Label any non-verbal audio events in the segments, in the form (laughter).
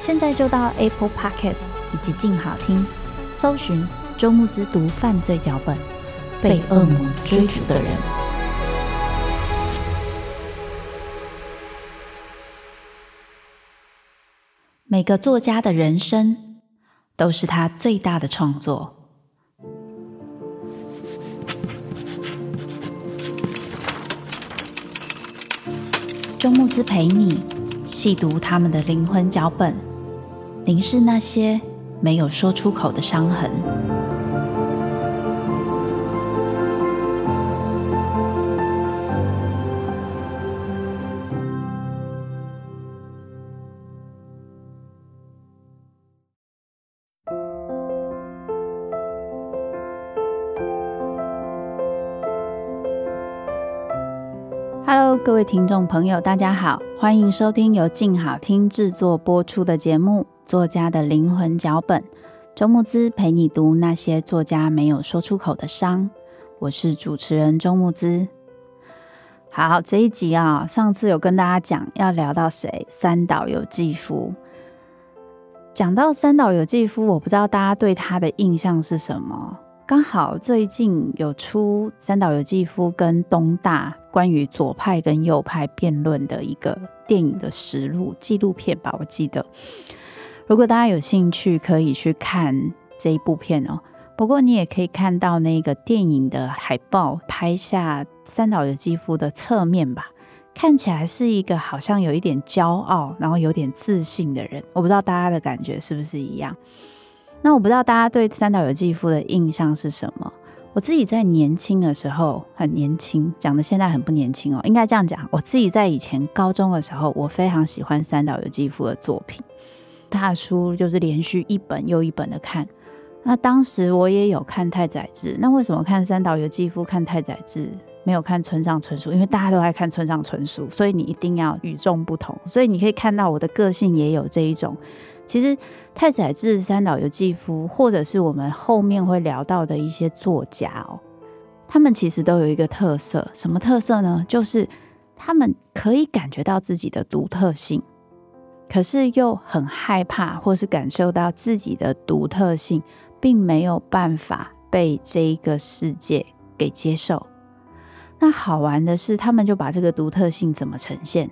現在就到 Apple Podcast 以及靜好聽，搜尋周慕姿讀犯罪腳本，《被惡魔追逐的人》。每個作家的人生都是他最大的創作。周慕姿陪你細讀他們的靈魂腳本。凝視那些沒有說出口的傷痕。Hello，各位聽眾朋友，大家好，歡迎收聽由鏡好聽製作播出的節目。作家的靈魂腳本，周慕姿陪你讀那些作家沒有說出口的傷。我是主持人周慕姿。好，這一集啊，上次有跟大家講要聊到誰，三島由紀夫。講到三島由紀夫，我不知道大家對他的印象是什麼。剛好最近有出三島由紀夫跟東大關於左派跟右派辯論的一個電影的實錄紀錄片吧，我記得。如果大家有興趣，可以去看這一部片哦。不過你也可以看到那個電影的海報，拍下三島由紀夫的側面吧，看起來是一個好像有一點驕傲，然後有點自信的人。我不知道大家的感覺是不是一樣。那我不知道大家對三島由紀夫的印象是什麼？我自己在年輕的時候，很年輕，講的現在很不年輕哦，應該這樣講。我自己在以前高中的時候，我非常喜歡三島由紀夫的作品。大書就是連續一本又一本的看，那當時我也有看太宰治，那為什麼看三島由紀夫、看太宰治，沒有看村上春樹？因為大家都愛看村上春樹，所以你一定要與眾不同。所以你可以看到我的個性也有這一種。其實太宰治、三島由紀夫，或者是我們後面會聊到的一些作家哦，他們其實都有一個特色，什麼特色呢？就是他們可以感覺到自己的獨特性。可是又很害怕，或是感受到自己的獨特性，並沒有辦法被這一個世界給接受。那好玩的是，他們就把這個獨特性怎麼呈現，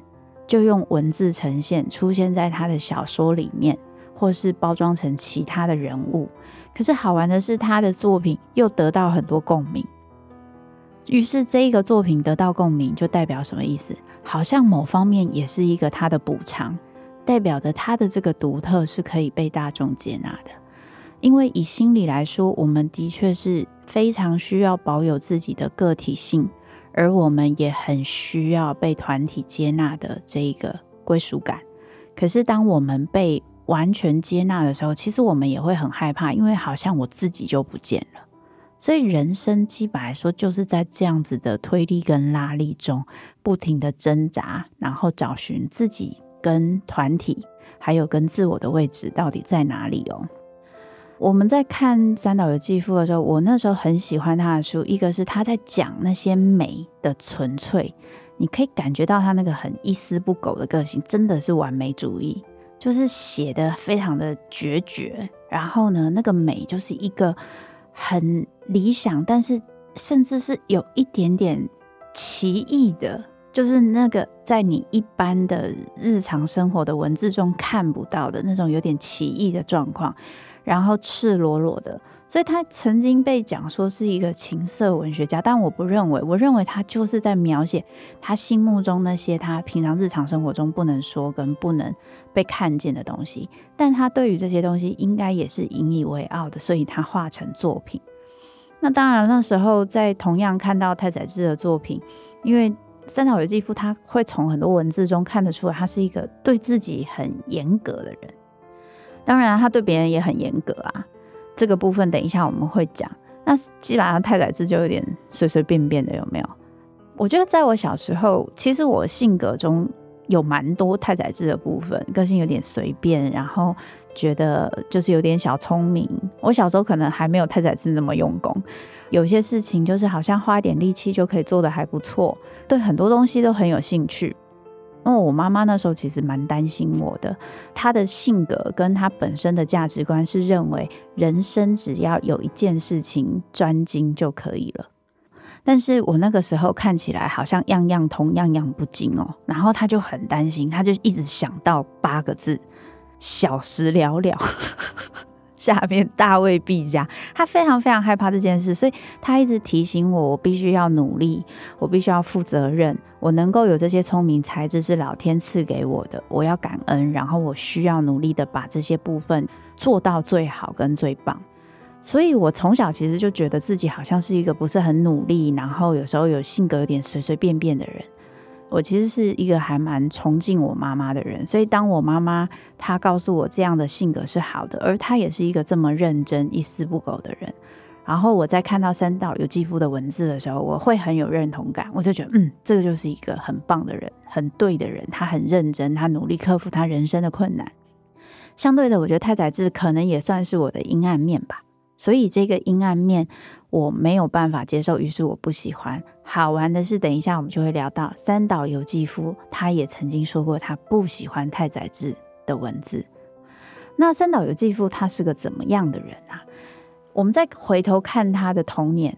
就用文字呈現，出現在他的小說裡面，或是包裝成其他的人物。可是好玩的是，他的作品又得到很多共鳴。於是這一個作品得到共鳴，就代表什麼意思？好像某方面也是一個他的補償。代表的他的這個獨特是可以被大眾接納的，因為以心理來說，我們的確是非常需要保有自己的個體性，而我們也很需要被團體接納的這一個歸屬感。可是，當我們被完全接納的時候，其實我們也會很害怕，因為好像我自己就不見了。所以，人生基本來說就是在這樣子的推力跟拉力中不停的掙扎，然後找尋自己。跟團體，還有跟自我的位置到底在哪裡哦？我們在看三島由紀夫的時候，我那時候很喜歡他的書。一個是他在講那些美的純粹，你可以感覺到他那個很一絲不苟的個性，真的是完美主義，就是寫的非常的決絕。然後呢，那個美就是一個很理想，但是甚至是有一點點奇異的。就是那個在你一般的日常生活的文字中看不到的那種有點奇異的狀況，然後赤裸裸的，所以他曾經被講說是一個情色文學家，但我不認為，我認為他就是在描寫他心目中那些他平常日常生活中不能說跟不能被看見的東西，但他對於這些東西應該也是引以為傲的，所以他化成作品。那當然那時候在同樣看到太宰治的作品，因為。三島由紀夫，他會從很多文字中看得出來，他是一個對自己很嚴格的人。當然啊，他對別人也很嚴格啊。這個部分，等一下我們會講。那基本上太宰治就有點隨隨便便的，有沒有？我覺得在我小時候，其實我性格中有蠻多太宰治的部分，個性有點隨便，然後覺得就是有點小聰明。我小時候可能還沒有太宰治那麼用功。有些事情就是好像花一點力氣就可以做得還不錯，對很多東西都很有興趣。因為、哦、我媽媽那時候其實蠻擔心我的，她的性格跟她本身的價值觀是認為人生只要有一件事情專精就可以了。但是我那個時候看起來好像樣樣通樣樣不精哦，然後她就很擔心，她就一直想到八個字：小時了了。 (laughs) 下面大衛畢加，他非常非常害怕這件事，所以他一直提醒我，我必須要努力，我必須要負責任，我能夠有這些聰明才智是老天賜給我的，我要感恩，然後我需要努力的把這些部分做到最好跟最棒。所以我從小其實就覺得自己好像是一個不是很努力，然後有時候有性格有點隨隨便便的人。我其實是一個還蠻崇敬我媽媽的人，所以當我媽媽她告訴我這樣的性格是好的，而她也是一個這麼認真、一絲不苟的人。然後我在看到三島由紀夫的文字的時候，我會很有認同感，我就覺得嗯，這個就是一個很棒的人，很對的人，他很認真，他努力克服他人生的困難。相對的，我覺得太宰治可能也算是我的陰暗面吧。所以這個陰暗面我沒有辦法接受，於是我不喜歡。好玩的是，等一下我們就會聊到三島由紀夫，他也曾經說過他不喜歡太宰治的文字。那三島由紀夫他是個怎麼樣的人啊？我們再回頭看他的童年，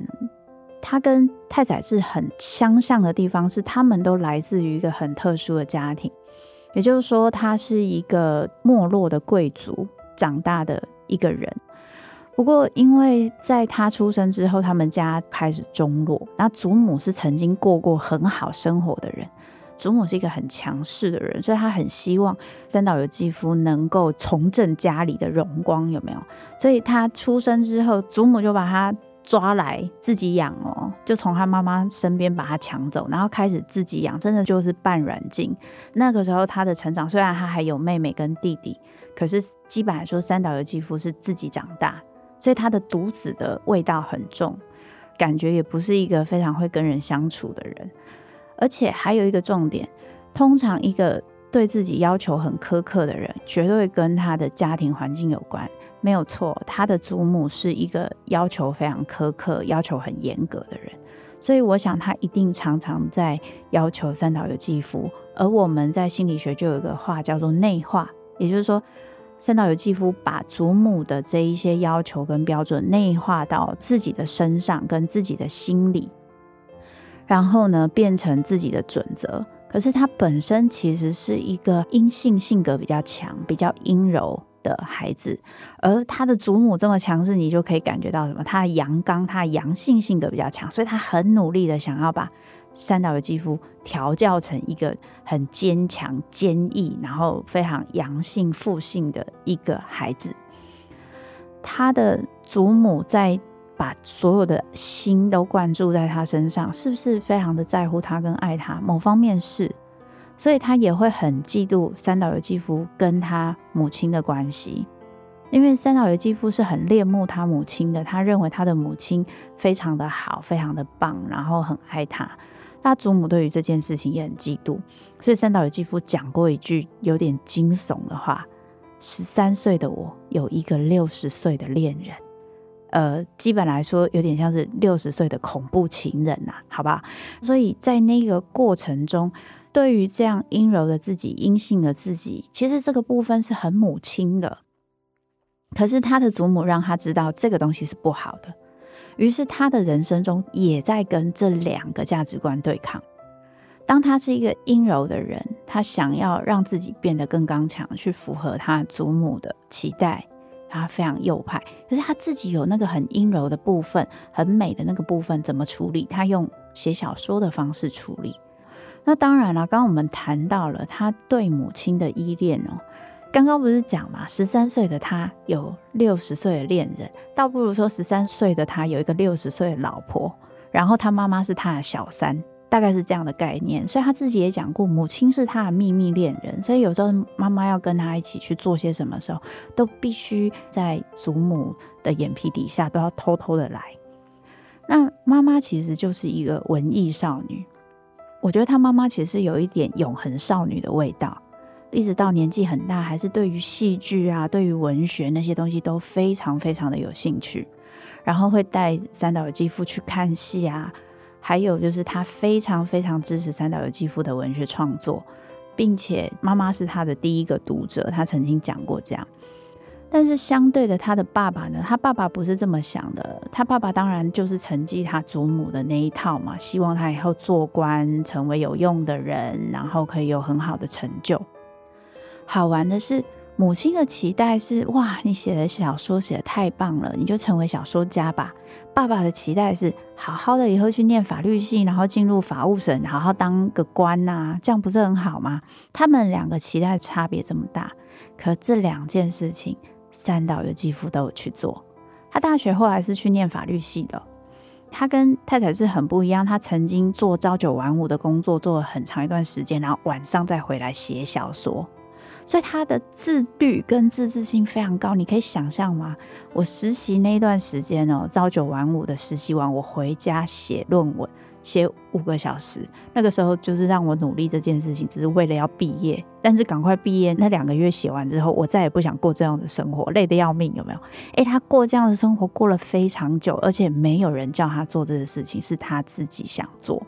他跟太宰治很相像的地方是，他們都來自於一個很特殊的家庭，也就是說，他是一個沒落的貴族長大的一個人。不過，因為在他出生之後，他們家開始中落。那祖母是曾經過過很好生活的人，祖母是一個很強勢的人，所以她很希望三島由紀夫能夠重振家裡的榮光，有沒有？所以他出生之後，祖母就把他抓來自己養哦，就從他媽媽身邊把他搶走，然後開始自己養，真的就是半軟禁。那個時候他的成長，雖然他還有妹妹跟弟弟，可是基本來說，三島由紀夫是自己長大。所以他的獨子的味道很重，感覺也不是一個非常會跟人相處的人。而且還有一個重點，通常一個對自己要求很苛刻的人，絕對跟他的家庭環境有關，沒有錯。他的祖母是一個要求非常苛刻、要求很嚴格的人，所以我想他一定常常在要求三島由紀夫。而我們在心理學就有一個話叫做內化，也就是說。甚至由紀夫，把祖母的這一些要求跟標準內化到自己的身上，跟自己的心裡，然後呢，變成自己的準則。可是他本身其實是一個陰性性格比較強、比較陰柔的孩子，而他的祖母這麼強勢，你就可以感覺到什麼？他陽剛，他陽性性格比較強，所以他很努力的想要把。三島由紀夫調教成一個很堅強、堅毅，然後非常陽性、父性的一個孩子。他的祖母在把所有的心都灌注在他身上，是不是非常的在乎他跟愛他？某方面是，所以他也會很嫉妒三島由紀夫跟他母親的關係，因為三島由紀夫是很戀慕他母親的。他認為他的母親非常的好，非常的棒，然後很愛他。他祖母對於這件事情也很嫉妒，所以三島由紀夫講過一句有點驚悚的話：“十三歲的我有一個六十歲的戀人，呃，基本來說有點像是六十歲的恐怖情人吶，好不好？所以在那個過程中，對於這樣陰柔的自己、陰性的自己，其實這個部分是很母親的，可是他的祖母讓他知道這個東西是不好的。”於是他的人生中也在跟這兩個價值觀對抗。當他是一個陰柔的人，他想要讓自己變得更剛強，去符合他祖母的期待。他非常右派，可是他自己有那個很陰柔的部分，很美的那個部分怎麼處理？他用寫小說的方式處理。那當然了，剛剛我們談到了他對母親的依戀哦。剛剛不是講嘛，十三歲的他有六十歲的戀人，倒不如說十三歲的他有一個六十歲的老婆，然後他媽媽是他的小三，大概是這樣的概念。所以他自己也講過，母親是他的秘密戀人。所以有時候媽媽要跟他一起去做些什麼時候，都必須在祖母的眼皮底下，都要偷偷的來。那媽媽其實就是一個文藝少女，我覺得他媽媽其實是有一點永恆少女的味道。一直到年紀很大，還是對於戲劇啊、對於文學那些東西都非常非常的有興趣。然後會帶三島由紀夫去看戲啊，還有就是他非常非常支持三島由紀夫的文學創作，並且媽媽是他的第一個讀者。他曾經講過這樣。但是相對的，他的爸爸呢，他爸爸不是這麼想的。他爸爸當然就是承繼他祖母的那一套嘛，希望他以後做官，成為有用的人，然後可以有很好的成就。好玩的是，母親的期待是：哇，你寫的小說寫得太棒了，你就成為小說家吧。爸爸的期待是：好好的以後去念法律系，然後進入法務省，好好當個官吶、啊，這樣不是很好嗎？他們兩個期待差別這麼大，可這兩件事情，三島也幾乎都有去做。他大學後來是去念法律系的，他跟太宰治很不一樣。他曾經做朝九晚五的工作，做了很長一段時間，然後晚上再回來寫小說。所以他的自律跟自制性非常高，你可以想象嗎？我實習那一段時間哦，朝九晚五的實習完，我回家寫論文，寫五個小時。那個時候就是讓我努力這件事情，只是為了要畢業。但是趕快畢業那兩個月寫完之後，我再也不想過這樣的生活，累得要命，有沒有？誒、欸，他過這樣的生活過了非常久，而且沒有人叫他做這些事情，是他自己想做。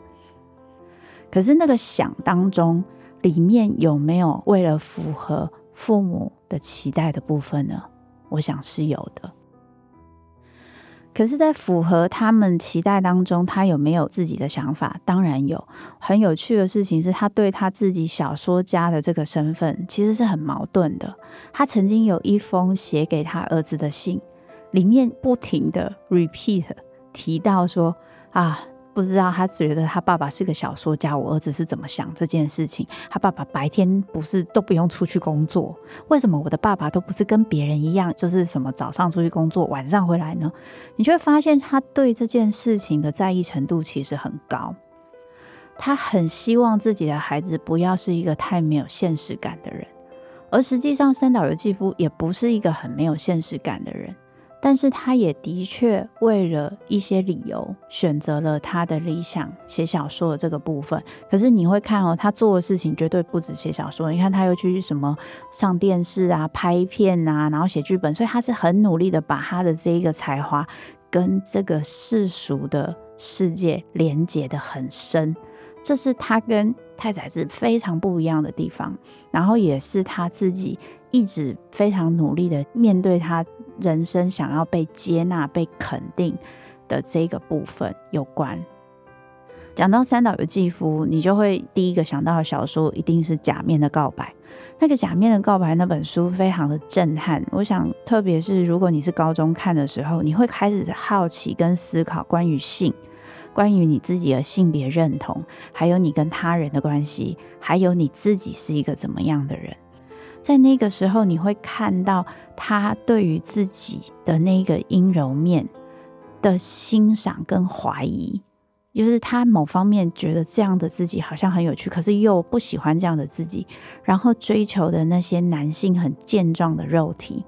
可是那個想當中。裡面有沒有為了符合父母的期待的部分呢？我想是有的。可是，在符合他們期待當中，他有沒有自己的想法？當然有。很有趣的事情是他對他自己小說家的這個身份其實是很矛盾的。他曾經有一封寫給他兒子的信，裡面不停的 repeat，提到說啊。不知道他覺得他爸爸是個小說家，我兒子是怎麼想這件事情？他爸爸白天不是都不用出去工作，為什麼我的爸爸都不是跟別人一樣，就是什麼早上出去工作，晚上回來呢？你就會發現他對這件事情的在意程度其實很高，他很希望自己的孩子不要是一個太沒有現實感的人，而實際上三島由紀夫也不是一個很沒有現實感的人。但是他也的確為了一些理由選擇了他的理想，寫小說的這個部分。可是你會看哦、喔，他做的事情絕對不止寫小說。你看他又去什麼上電視啊、拍片啊，然後寫劇本，所以他是很努力的把他的這一個才華跟這個世俗的世界連接得很深。這是他跟太宰治非常不一樣的地方，然後也是他自己一直非常努力的面對他人生想要被接納、被肯定的這個部分有關。講到三島由紀夫，你就會第一個想到小說一定是《假面的告白》。那個《假面的告白》那本書非常的震撼。我想，特別是如果你是高中看的時候，你會開始好奇跟思考關於性、關於你自己的性別認同，還有你跟他人的關係，還有你自己是一個怎麼樣的人。在那個時候，你會看到他對於自己的那個陰柔面的欣賞跟懷疑，就是他某方面覺得這樣的自己好像很有趣，可是又不喜歡這樣的自己，然後追求的那些男性很健壯的肉體。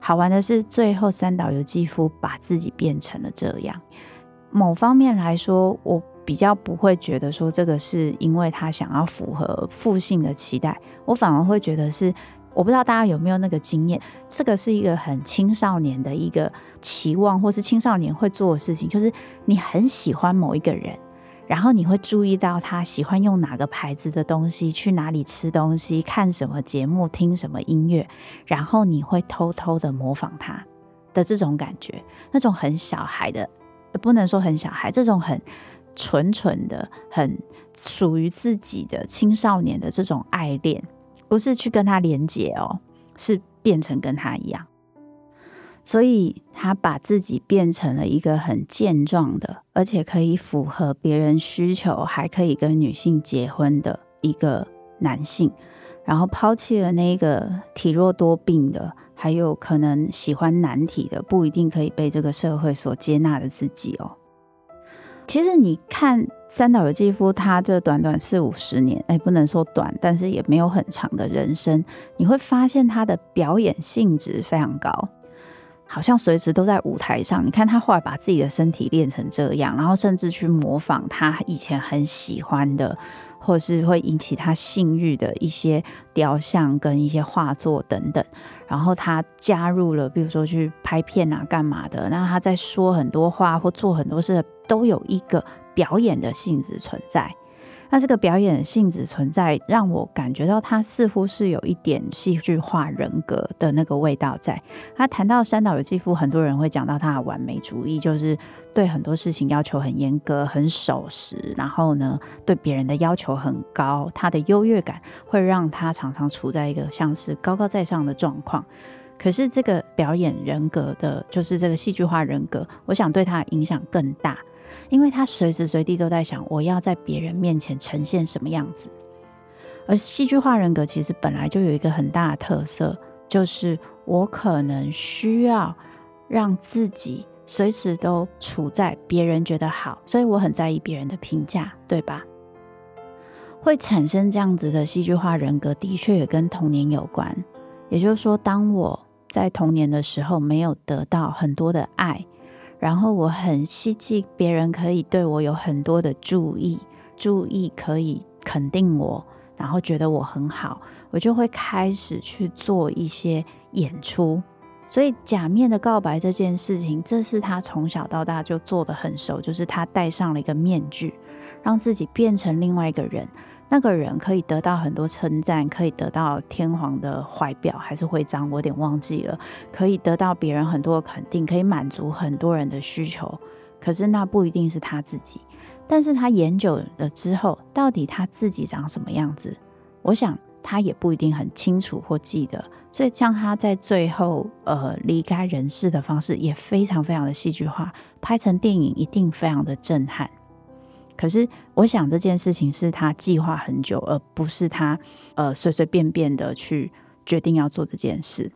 好玩的是，最後三島由紀夫把自己變成了這樣。某方面來說，我。比較不會覺得說，這個是因為他想要符合父性的期待，我反而會覺得是，我不知道大家有沒有那個經驗，這個是一個很青少年的一個期望，或是青少年會做的事情，就是你很喜歡某一個人，然後你會注意到他喜歡用哪個牌子的東西，去哪裡吃東西，看什麼節目，聽什麼音樂，然後你會偷偷的模仿他的這種感覺，那種很小孩的，不能說很小孩，這種很。純純的，很屬於自己的青少年的這種愛戀，不是去跟他連結喔，是變成跟他一樣，所以他把自己變成了一個很健壯的，而且可以符合別人需求，還可以跟女性結婚的一個男性，然後拋棄了那個體弱多病的，還有可能喜歡男體的，不一定可以被這個社會所接納的自己喔。其實你看三島由紀夫他這短短四五十年，哎，不能說短，但是也沒有很長的人生。你會發現他的表演性質非常高，好像隨時都在舞台上。你看他後來把自己的身體練成這樣，然後甚至去模仿他以前很喜歡的，或是會引起他性欲的一些雕像跟一些畫作等等。然後他加入了，比如說去拍片啊、幹嘛的，那他在說很多話或做很多事，都有一個表演的性質存在。他這個表演性質存在，讓我感覺到他似乎是有一點戲劇化人格的那個味道在。他談到三島由紀夫，很多人會講到他的完美主義，就是對很多事情要求很嚴格、很守時，然後呢，對別人的要求很高，他的優越感會讓他常常處在一個像是高高在上的狀況。可是這個表演人格的，就是這個戲劇化人格，我想對他影響更大。因為他隨時隨地都在想我要在別人面前呈現什麼樣子，而戲劇化人格其實本來就有一個很大的特色，就是我可能需要讓自己隨時都處在別人覺得好，所以我很在意別人的評價，對吧？會產生這樣子的戲劇化人格，的確也跟童年有關。也就是說，當我在童年的時候沒有得到很多的愛。然後我很希冀別人可以對我有很多的注意，注意可以肯定我，然後覺得我很好，我就會開始去做一些演出。所以《假面的告白》這件事情，這是他從小到大就做得很熟，就是他戴上了一個面具，讓自己變成另外一個人。那個人可以得到很多稱讚，可以得到天皇的懷錶還是徽章，我有點忘記了。可以得到別人很多的肯定，可以滿足很多人的需求，可是那不一定是他自己。但是他研究了之後，到底他自己長什麼樣子，我想他也不一定很清楚或記得。所以像他在最後呃離開人世的方式也非常非常的戲劇化，拍成電影一定非常的震撼。可是，我想這件事情是他計劃很久，而不是他，呃，隨隨便便的去決定要做這件事。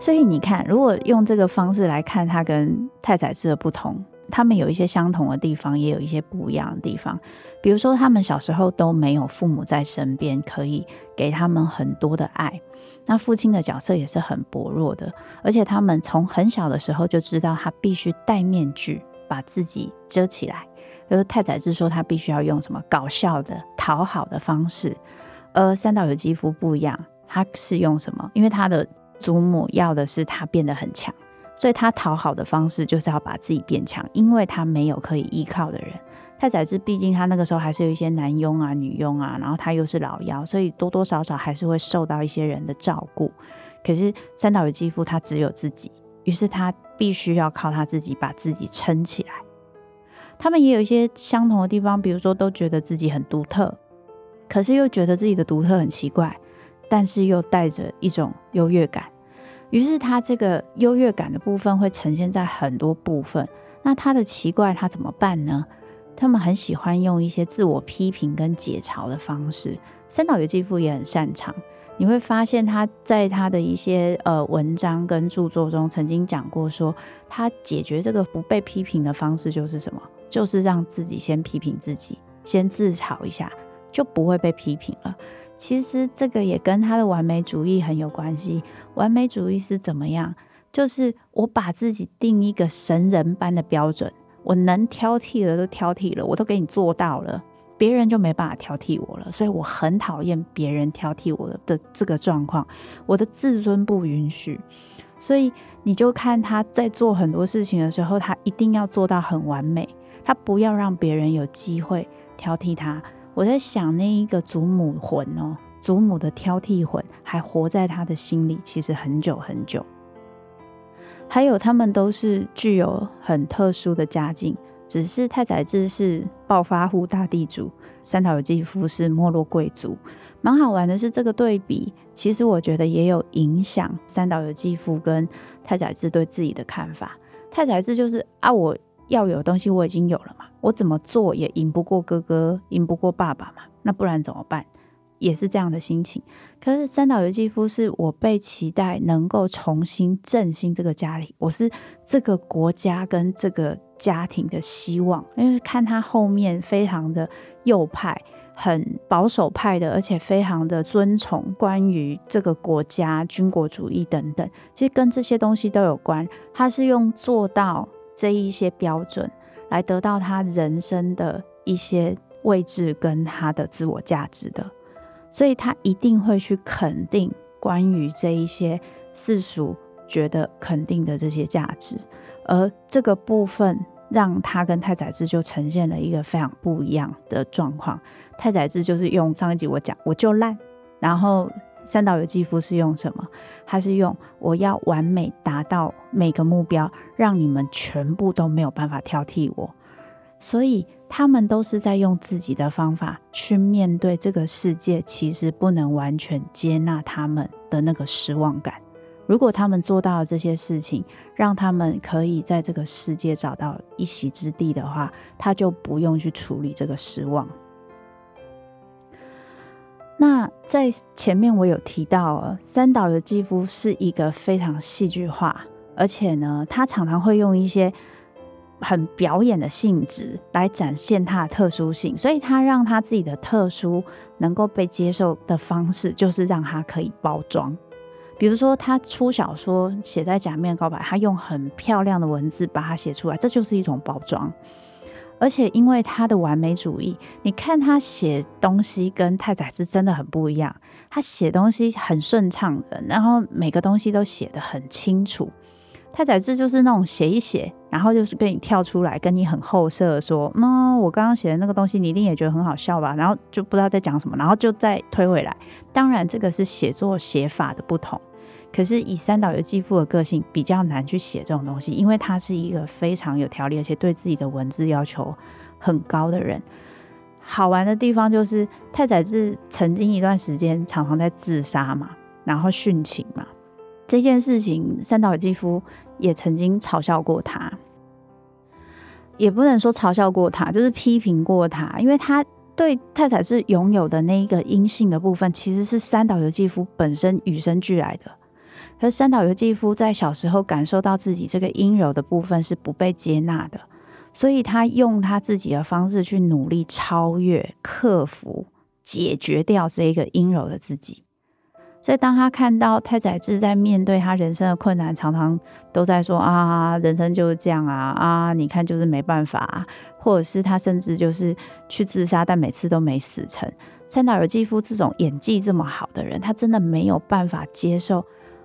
所以你看，如果用這個方式來看，他跟太宰治的不同。他們有一些相同的地方，也有一些不一樣的地方。比如說，他們小時候都沒有父母在身邊，可以給他們很多的愛。那父親的角色也是很薄弱的，而且他們從很小的時候就知道他必須戴面具把自己遮起來。比如太宰治說他必須要用什麼搞笑的討好的方式，而三島由紀夫不一樣，他是用什麼？因為他的祖母要的是他變得很強。所以，他討好的方式就是要把自己變強，因為他沒有可以依靠的人。太宰治畢竟他那個時候還是有一些男傭啊、女傭啊，然後他又是老幺，所以多多少少還是會受到一些人的照顧。可是三島由紀夫他只有自己，於是他必須要靠他自己把自己撐起來。他們也有一些相同的地方，比如說都覺得自己很獨特，可是又覺得自己的獨特很奇怪，但是又帶着一種優越感。於是他這個優越感的部分會呈現在很多部分，那他的奇怪他怎麼辦呢？他們很喜歡用一些自我批評跟解嘲的方式，三島由紀夫也很擅長。你會發現他在他的一些呃文章跟著作中曾經講過說，他解決這個不被批評的方式就是什麼？就是讓自己先批評自己，先自嘲一下，就不會被批評了。其實這個也跟他的完美主義很有關係。完美主義是怎麼樣？就是我把自己定一個神人般的標準，我能挑剔的都挑剔了，我都給你做到了，別人就沒辦法挑剔我了。所以我很討厭別人挑剔我的的這個狀況，我的自尊不允許。所以你就看他在做很多事情的時候，他一定要做到很完美，他不要讓別人有機會挑剔他。我在想那一個祖母魂哦，祖母的挑剔魂還活在他的心裡，其實很久很久。還有他們都是具有很特殊的家境，只是太宰治是暴發戶大地主，三島由紀夫是沒落貴族。蠻好玩的是這個對比，其實我覺得也有影響三島由紀夫跟太宰治對自己的看法。太宰治就是啊我。要有東西，我已經有了嘛。我怎麼做也贏不過哥哥，贏不過爸爸嘛。那不然怎麼辦？也是這樣的心情。可是三島由紀夫是我被期待能夠重新振興這個家庭，我是這個國家跟這個家庭的希望。因為看他後面非常的右派，很保守派的，而且非常的尊崇關於這個國家軍國主義等等，其實跟這些東西都有關。他是用做到。這一些標準來得到他人生的一些位置跟他的自我價值的，所以他一定會去肯定關於這一些世俗覺得肯定的這些價值，而這個部分讓他跟太宰治就呈現了一個非常不一樣的狀況。太宰治就是用上一集我講，我就爛，然後。三島由紀夫是用什麼？他是用我要完美達到每個目標，讓你們全部都沒有辦法挑剔我。所以他們都是在用自己的方法去面對這個世界，其實不能完全接納他們的那個失望感。如果他們做到了這些事情，讓他們可以在這個世界找到一席之地的話，他就不用去處理這個失望。那在前面我有提到，三島由紀夫是一個非常戲劇化，而且呢，他常常會用一些很表演的性質來展現他的特殊性，所以他讓他自己的特殊能夠被接受的方式，就是讓他可以包裝。比如說，他出小說寫在《假面告白》，他用很漂亮的文字把它寫出來，這就是一種包裝。而且因為他的完美主義，你看他寫東西跟太宰治真的很不一樣。他寫東西很順暢的，然後每個東西都寫得很清楚。太宰治就是那種寫一寫，然後就是跟你跳出來，跟你很後設的說：“嗯，我剛剛寫的那個東西，你一定也覺得很好笑吧？”然後就不知道在講什麼，然後就再推回來。當然，這個是寫作寫法的不同。可是以三島由紀夫的個性，比較難去寫這種東西，因為他是一個非常有條理，而且對自己的文字要求很高的人。好玩的地方就是太宰治曾經一段時間常常在自殺嘛，然後殉情嘛，這件事情三島由紀夫也曾經嘲笑過他，也不能說嘲笑過他，就是批評過他，因為他對太宰治擁有的那一個陰性的部分，其實是三島由紀夫本身與生俱來的。而三島由紀夫在小時候感受到自己這個陰柔的部分是不被接納的，所以他用他自己的方式去努力超越、克服、解決掉這一個陰柔的自己。所以當他看到太宰治在面對他人生的困難，常常都在說：“啊，人生就是這樣啊，啊，你看就是沒辦法啊。”或者是他甚至就是去自殺，但每次都沒死成。三島由紀夫這種演技這麼好的人，他真的沒有辦法接受。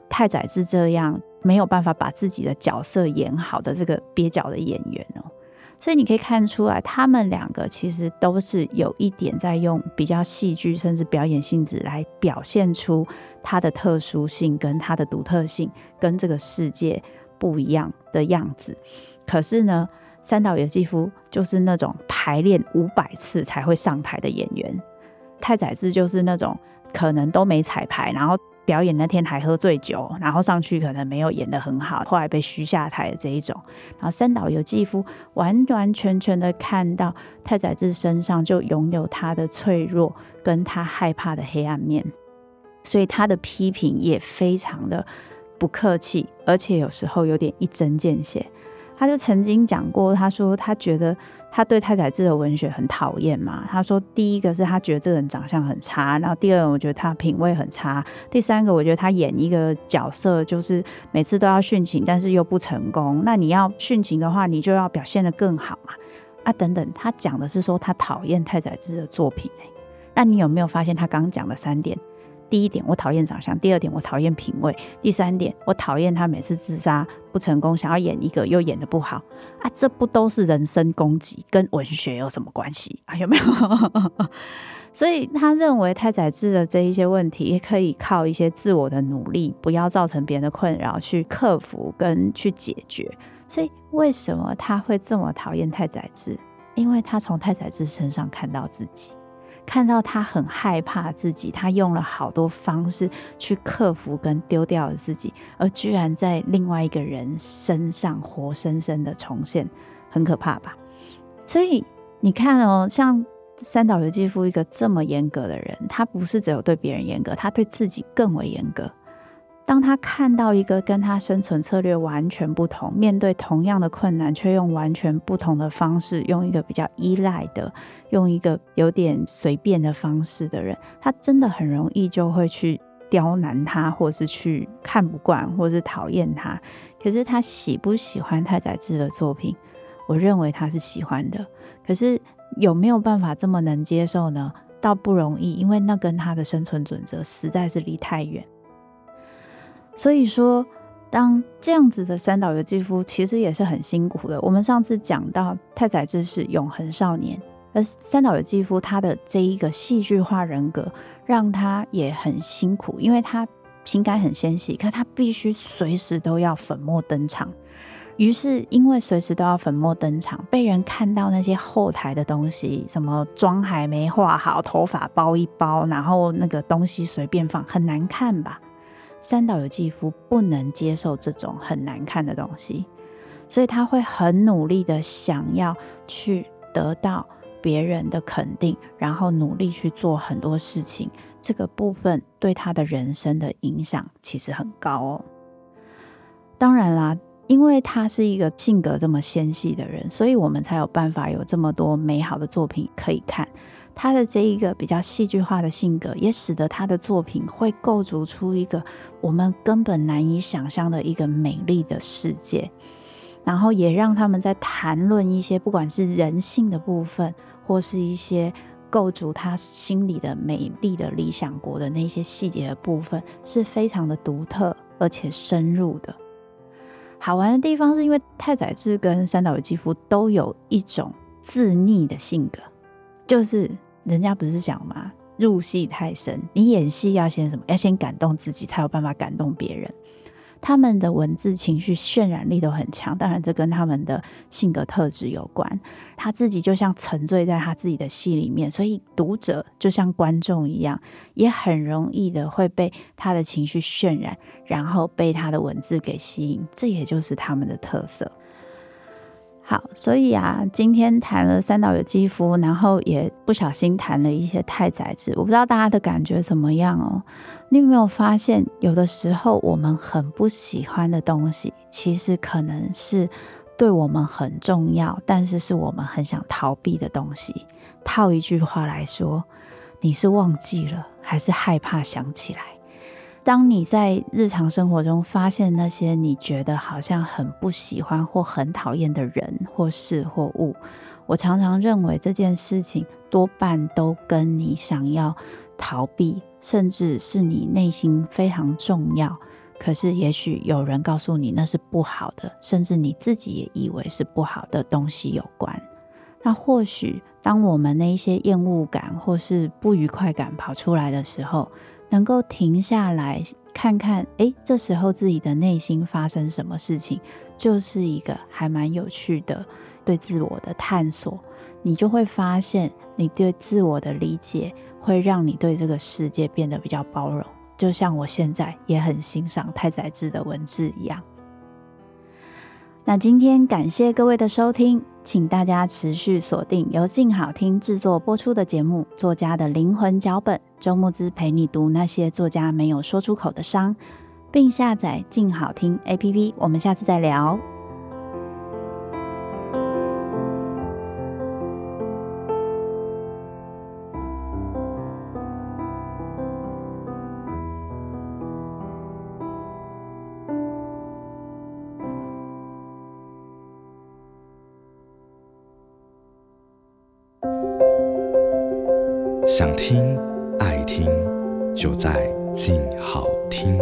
太宰治這樣沒有辦法把自己的角色演好的這個蹩腳的演員哦，所以你可以看出來，他們兩個其實都是有一點在用比較戲劇甚至表演性質來表現出他的特殊性跟他的獨特性，跟這個世界不一樣的樣子。可是呢，三島由紀夫就是那種排練五百次才會上台的演員，太宰治就是那種可能都沒彩排，然後。表演那天還喝醉酒，然後上去可能沒有演得很好，後來被噓下台的這一種。然後三島由紀夫完完全全的看到太宰治身上就擁有他的脆弱跟他害怕的黑暗面，所以他的批評也非常的不客氣，而且有時候有點一針見血。他就曾經講過，他說他覺得他對太宰治的文學很討厭嘛。他說第一個是他覺得這人長相很差，然後第二，我覺得他品味很差，第三個我覺得他演一個角色就是每次都要殉情，但是又不成功。那你要殉情的話，你就要表現得更好嘛。啊，等等，他講的是說他討厭太宰治的作品。那你有沒有發現他剛剛講的三點？第一點，我討厭長相；第二點，我討厭品味；第三點，我討厭他每次自殺不成功，想要演一個又演得不好啊！這不都是人身攻擊，跟文學有什麼關係啊？有沒有？ (laughs) 所以他認為太宰治的這一些問題，也可以靠一些自我的努力，不要造成別人的困擾，去克服跟去解決。所以為什麼他會這麼討厭太宰治？因為他從太宰治身上看到自己。看到他很害怕自己，他用了好多方式去克服跟丟掉了自己，而居然在另外一個人身上活生生的重現，很可怕吧？所以你看哦、喔，像三島由紀夫一個這麼嚴格的人，他不是只有對別人嚴格，他對自己更為嚴格。當他看到一個跟他生存策略完全不同，面對同樣的困難卻用完全不同的方式，用一個比較依賴的，用一個有點隨便的方式的人，他真的很容易就會去刁難他，或是去看不慣，或是討厭他。可是他喜不喜歡太宰治的作品？我認為他是喜歡的。可是有沒有辦法這麼能接受呢？倒不容易，因為那跟他的生存準則實在是離太遠。所以說，當這樣子的三島由紀夫其實也是很辛苦的。我們上次講到太宰治是永恆少年，而三島由紀夫他的這一個戲劇化人格讓他也很辛苦，因為他情感很纖細，可他必須隨時都要粉墨登場。於是，因為隨時都要粉墨登場，被人看到那些後台的東西，什麼妝還沒畫好，頭髮包一包，然後那個東西隨便放，很難看吧。三島由紀夫不能接受這種很難看的東西，所以他會很努力的想要去得到別人的肯定，然後努力去做很多事情。這個部分對他的人生的影響其實很高哦。當然啦，因為他是一個性格這麼纖細的人，所以我們才有辦法有這麼多美好的作品可以看。他的這一個比較戲劇化的性格，也使得他的作品會構築出一個我們根本難以想象的一個美麗的世界，然後也讓他們在談論一些不管是人性的部分，或是一些構築他心裡的美麗的理想國的那些細節的部分，是非常的獨特而且深入的。好玩的地方是因為太宰治跟三島由紀夫都有一種自溺的性格，就是。人家不是講嘛？入戲太深，你演戲要先什麼？要先感動自己，才有辦法感動別人。他們的文字情緒渲染力都很強，當然這跟他們的性格特質有關。他自己就像沉醉在他自己的戲裡面，所以讀者就像觀眾一樣，也很容易的會被他的情緒渲染，然後被他的文字給吸引。這也就是他們的特色。好，所以啊，今天談了三島由紀夫，然後也不小心談了一些太宰治。我不知道大家的感覺怎麼樣哦。你有沒有發現，有的時候我們很不喜歡的東西，其實可能是對我們很重要，但是是我們很想逃避的東西？套一句話來說，你是忘記了，還是害怕想起來？當你在日常生活中發現那些你覺得好像很不喜歡或很討厭的人、或事、或物，我常常認為這件事情多半都跟你想要逃避，甚至是你內心非常重要，可是也許有人告訴你那是不好的，甚至你自己也以為是不好的東西有關。那或許當我們那一些厭惡感或是不愉快感跑出來的時候，能夠停下來看看，誒，這時候自己的內心發生什麼事情，就是一個還蠻有趣的對自我的探索。你就會發現，你對自我的理解會讓你對這個世界變得比較包容。就像我現在也很欣賞太宰治的文字一樣。那今天感謝各位的收聽。請大家持續鎖定由靜好聽製作播出的節目《作家的靈魂腳本》，周慕姿陪你讀那些作家沒有說出口的傷，並下載靜好聽 APP。我們下次再聊。想聽，愛聽，就在靜好聽。